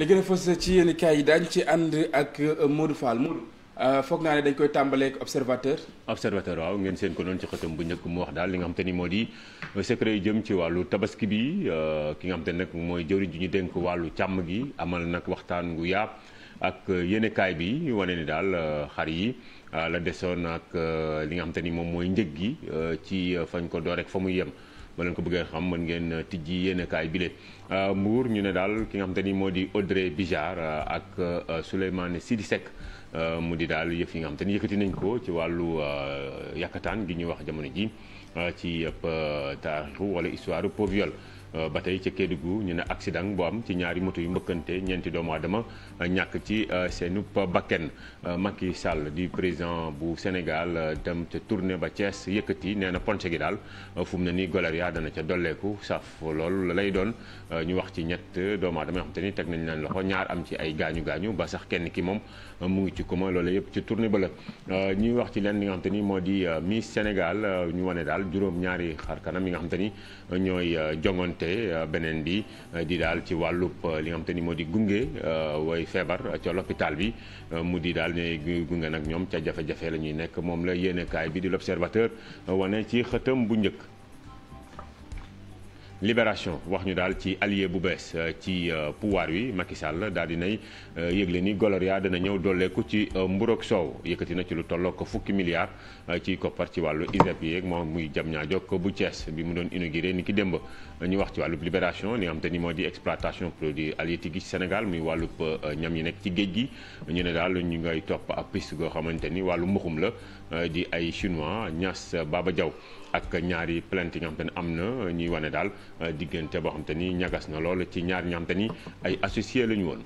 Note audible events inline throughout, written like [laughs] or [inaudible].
li gën a fës ci yéen kaay yi daañu ci ànd ak euh, Modou Fall Modou euh, foog naa ne dañ koy tàmbaleek observateur observateur waaw ngeen seen ko noonu ci xëtam bu njëkk mu wax daal li nga xam te ni moo di euh, jëm ci wàllu tabaski bi ki nga xam te nag mooy jëwriñ ju ñu dénk wàllu càmm gi amal nag waxtaan gu yàpp ak yéenekaay bi wane ni daal xar yi la desoon ak li nga xam ni moom mooy njëg gi ci fañ ko door rek fa muy yem ba leen ko bëggee xam mën ngeen euh, tijji yéenekaay bile euh, Mbour ñu ne daal ki nga xam te ni moo di Audrey Bijard euh, ak Souleymane Sidi Seck mu di daal yëf yi nga xam te ni yëkkati nañ ko ci wàllu yàkkataan gi ñuy wax jamono ji ci yëpp taarixu wala histoire pour viol Euh, ba tey ca Kédougou ñu ne accident bu am ci ñaari moto yu mbëkkante ñeenti doomu aadama euh, ñàkk ci euh, seenu bakken Macky Sall di président bu Sénégal dem ca tournée ba Thiès yëkkati nee na ponse gi daal fu mu ne nii Golariya dana ca dolleeku saf lool la lay doon ñu wax ci ñett doomu aadama yoo xam ni teg nañ leen loxo ñaar am ci ay gaañu gaañu ba sax kenn ki moom mu ngi ci coma loolu yëpp ci tournée ba la ñuy wax ci leen li nga xam te ni moo di Miss Sénégal ñu wane daal juróom ñaari xar kanam nga xam ni ñooy jongante te euh, beneen bi euh, di daal ci wàllub euh, li nga te ni moo di gunge way feebar ca l'hôpital bi mu di daal ñooy gunge nag ñoom ca jafe-jafe la ñuy nekk moom la yéenekaay bi di l'Observateur wane ci xëtam bu njëkk libération wax ñu daal ci allié bu bees euh, ci euh, pouvoir wi Macky Sall daal di nay euh, yëgle ni Goloria dana ñëw dolleeku ci mburook soow yëkkati na ci lu tollook fukki milliards ci koppar ci wàllu ISEP yeeg moom muy jam ñaa jokk bu Thiès bi mu doon inauguré ni ki démb ñu wax ci wàllu libération ni nga te ni moo di exploitation produit halieutique yi ci Sénégal muy wàllu ñam yi nekk ci géej gi ñu ne daal ñu ngay topp ab piste goo xamante ni wàllu mbuxum la di ay chinois Niass Baba Diaw ak ñaari plainte yi nga xamante ne am na ñuy wane daal euh, diggante boo xamante ni ñagas na lool ci ñaar ñi nga xamante ni ay associé la ñu woon.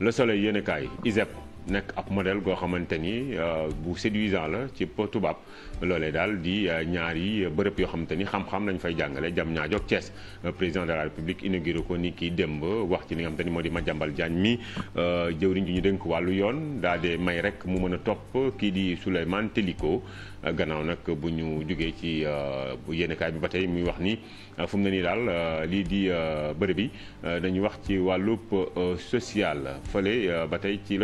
Le Soleil yéenekaay ISEP nekk ab modèle goo xamante ni euh, bu séduisant la ci tubaab loolee daal di euh, ñaari bërëb yoo xamante ni xam-xam lañ fay jàngale jam ñaa jog Thiès euh, président de la république inauguré ko ni kii démb wax ci li nga xamante ni moo di Madiambal Diagne mi jëwriñ ji ñu dénk wàllu yoon daal di may rek mu mën a topp kii di Souleymane Teliko gannaaw nag bu ñu jógee ci bu yéenekaay bi ba tey muy wax ni fu mu nii daal lii di bërëb bi dañu wax ci wàllub social fële ba tey ci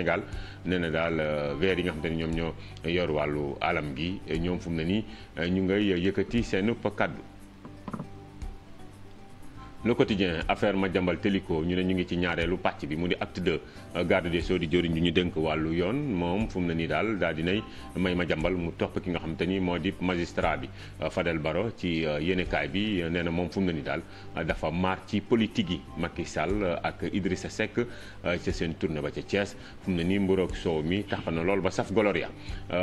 Sénégal nee daal weer euh, yi nga xam te ne ñoom ñoo yor wàllu alam gi ñoom fu mu ne nii euh, ñu ngay yëkkati seen kàddu le quotidien affaire Madiambal Téliko ñu ne ñu ngi ci ñaareelu pàcc bi mu di acte deux euh, garde des Sceaux di jëriñ ñu dënk wàllu yoon moom fu na ne nii daal daal dinay may ma jàmbal mu topp ki nga xam te ni moo di magistrat bi euh, Fadel Baro ci euh, yéenekaay bi nee na moom fu na ne nii daal dafa maar ci politique yi ki Sall ak Idrissa Seck ca seen tourne ba ca Thiès fu na ni nii mburoog soow mi tax na lool ba saf goloria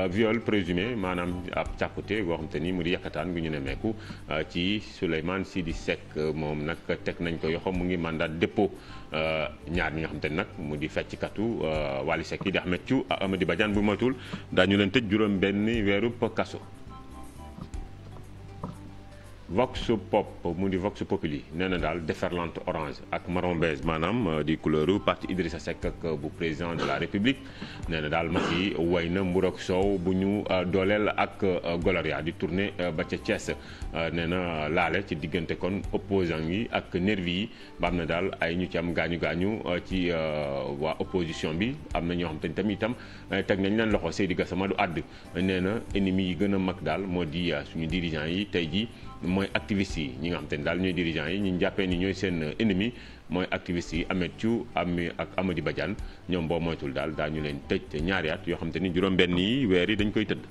viol présumé maanaam ab càkkute goo xam te ni mu di yàkkataan gu ñu ne meeku ci Souleymane Sidi Seck moom nag teg nañ ko yoxo mu ngi mandat dépôt euh, ñaar ñi nga xam te nag mu di fecckatu euh, Wally Seck yi di Ahmed Thiou ak Amady Badiane bu matul daañu leen tëj juróom benn weeru kaso vox pop mu di vox populi nee na daal déferlante orange ak marron maanaam euh, di couleur parti Idrissa Seck ak euh, bu président de la république nee na daal Macky way na mbur ak soow bu ñu euh, dooleel ak Gloria di tournée ba ca Thiès nee na laale ci diggante kon opposant yi ak nervi yi ba am na daal ay ñu ci am gaañu gaañu ci waa opposition bi am na ñoo xam te ni tamit itam teg nañ leen loxo Seydi Gassama du àdd nee na ennemi yi gën a mag daal moo di suñu dirigeant yi tey ji mooy activistes yi ñi nga xam te ne daal ñooy dirigeants yi ñu jàppee ni ñooy seen ennemi mooy activistes yi Ahmed Thiou Ami ak Amady Badiane ñoom boo moytul daal daal ñu leen tëj te ñaari at yoo xam ni juróom-benn yi weer yi dañ koy tëdd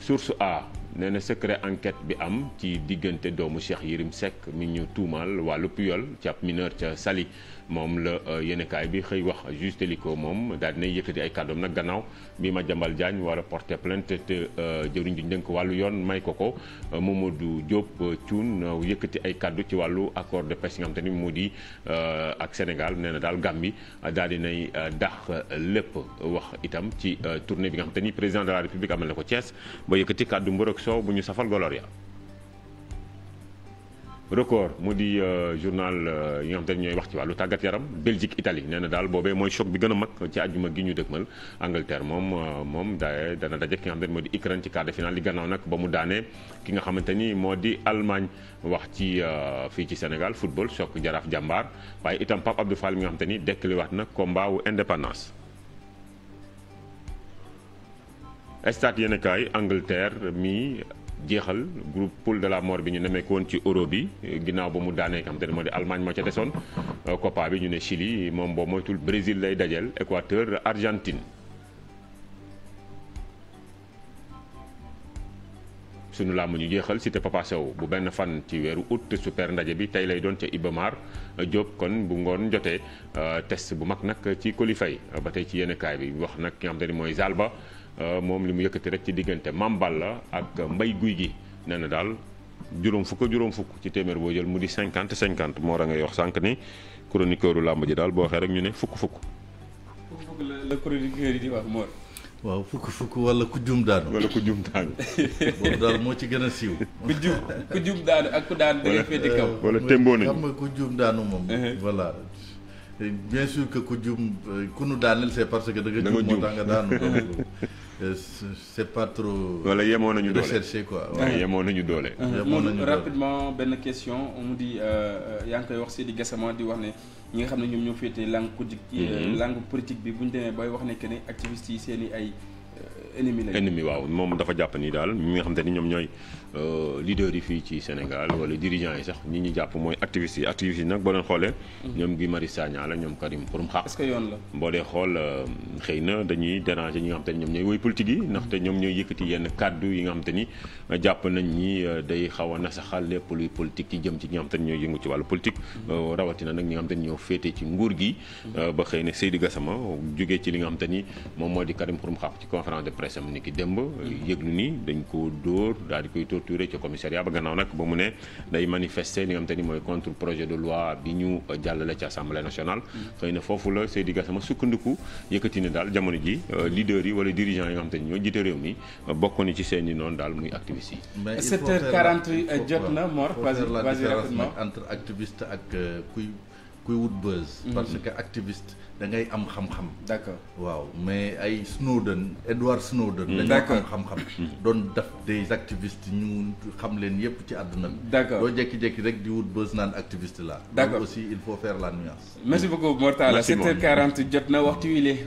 source A nee na secret enquête bi am ci diggante doomu Cheikh Yérim Seck mi ñu tuumaal wàllu puyol ci ab mineur ca Saly moom la euh, yéenekaay bi xëy wax Juge ko moom daal dinay yëkkati ay kàddoom nag gannaaw bi Madiambal Diagne war a porter plainte te euh, jëriñ juñ dënk wàllu yoon may ko ko euh, Mamadou Diop Thioune yëkkati ay kàddu ci wàllu accord de pêche nga xam te ni moo di ak Sénégal nee na daal Gambie daal dinay dax lépp wax itam ci tournée bi nga xam te ni président de la République amal na ko cees ba yëkkati kàddu mborok soow bu ñu safal golor ya record mu di euh, journal euh, yi nga xam te ñooy wax ci wàllu tàggat yaram Belgique Italie nee na daal boobee mooy choc bi gën a mag ci àjjuma gi ñu dëgmal Angleterre moom euh, moom dana daje ki nga xam moo di Ukraine ci quart de finale li gannaaw nag ba mu daanee ki nga xamante ni moo di Allemagne wax ci fii ci Sénégal football choc jaraaf jàmbaar waaye itam Pape Abdou Fall mi nga xam te ni dekkaliwaat na kombaawu wu indépendance stade yenn kaay Angleterre mi jeexal groupe poule de la mort bi ñu nemeekoon ci euro bi ginaaw ba mu daanee nga xam te ne moo di Allemagne moo ca desoon Copa bi ñu ne Chili moom boo moytul Brésil lay dajeel Équateur Argentine. sunu làmb ñu jeexal cité Papa Sow bu benn fan ci weeru août super ndaje bi tey lay doon ca Ibamar Diop kon bu ngoon jotee euh, test bu mag nag ci Coly Faye ba tey ci yenn bi wax nag ki nga xam te ne Euh, moom li mu yëkkati rek ci diggante Mame la ak mbay guy gi nee na daal juróom fukk juróom fukk ci téeméer boo jël mu di cinquante 50 moo ra ngay wax sànq ni chroniqueur làmb ji daal boo waxee rek ñu ne fukk fukk. fukk fukk wala ku jum daanu. wala ku jum daanu. [laughs] boobu daal moo ci gën a siiw. ku jum ku daanu ak ku daanu da ngay féete kaw. wala témboo nañu xam Eh, bien sûr que ku jum eh, ku nu daaneel c'est parce que da nga jum moo tax nga daanu [laughs] donc eh, c'est pas trop. wala yemoo nañu doole recherché quoi. ñu yemoo nañu doole. yemoo nañu doole rapidement benn question mu di euh, euh, yaa ngi koy wax Seydi Gassama di wax ne ñi nga xam ne ñoom ñoo féetee langue politique. Mhm. Euh, langue politique bi bu ñu demee bay wax ne que ne activistes yi seen i ay. Euh, ennemi ennemi waaw moom dafa jàpp nii daal ñi nga xam te ni ñoom ñooy euh, leader yi fii ci Sénégal wala dirigeants yi sax ñi ñu jàpp mooy activistes yi activistes yi nag boo leen xoolee. Mm-hmm. ñoom Guy Marius ñoom Karim Xurum Xaq. est que yoon la xool euh, xëy na dañuy déranger ñi nga xam te ni ñoom ñooy woy politique ñoom ñooy yëkkati yenn kàddu yi nga xam te ni jàpp nañ ni day xaw a nasaxal lépp luy politique yi jëm ci ñi nga xam te ni ci wàllu politique. Mm-hmm. rawatina nag ñi nga xam te ni ñoo féete ci nguur gi. Mm-hmm. ba xëy na Seydou Gassama jógee ci li nga xam te ni moom moo di Karim Xurum Xaq ci conférence de presse am ni ki démb yëglu ni dañ ko dóor daal di koy torturer ca commissariat ba gannaaw nag ba mu ne day manifester li nga xamante ni mooy contre projet de loi bi ñu jàllale ci assemblée nationale xëy na foofu la Seydi Gassama sukkandiku yëkkati ne daal jamono ji euh, leaders yi wala dirigeants yi nga xamante ni ñoo jiite réew mi euh, bokk ni ci seen i noonu daal muy activistes yi 7h40 jot na Mor vas-y vas ak euh, kuy kuy wut buzz. Mhm. parce que activiste da ngay am xam-xam. d'accord waaw mais ay Snowden Edward Snowden. Mhm. da ngay am xam-xam. doon def des activistes ñu xam leen yépp ci àdduna bi. doo jékki-jékki rek di wut buzz naan activiste la d'accord aussi il faut faire la nuance. merci beaucoup Mor Talla jot na waxtu wi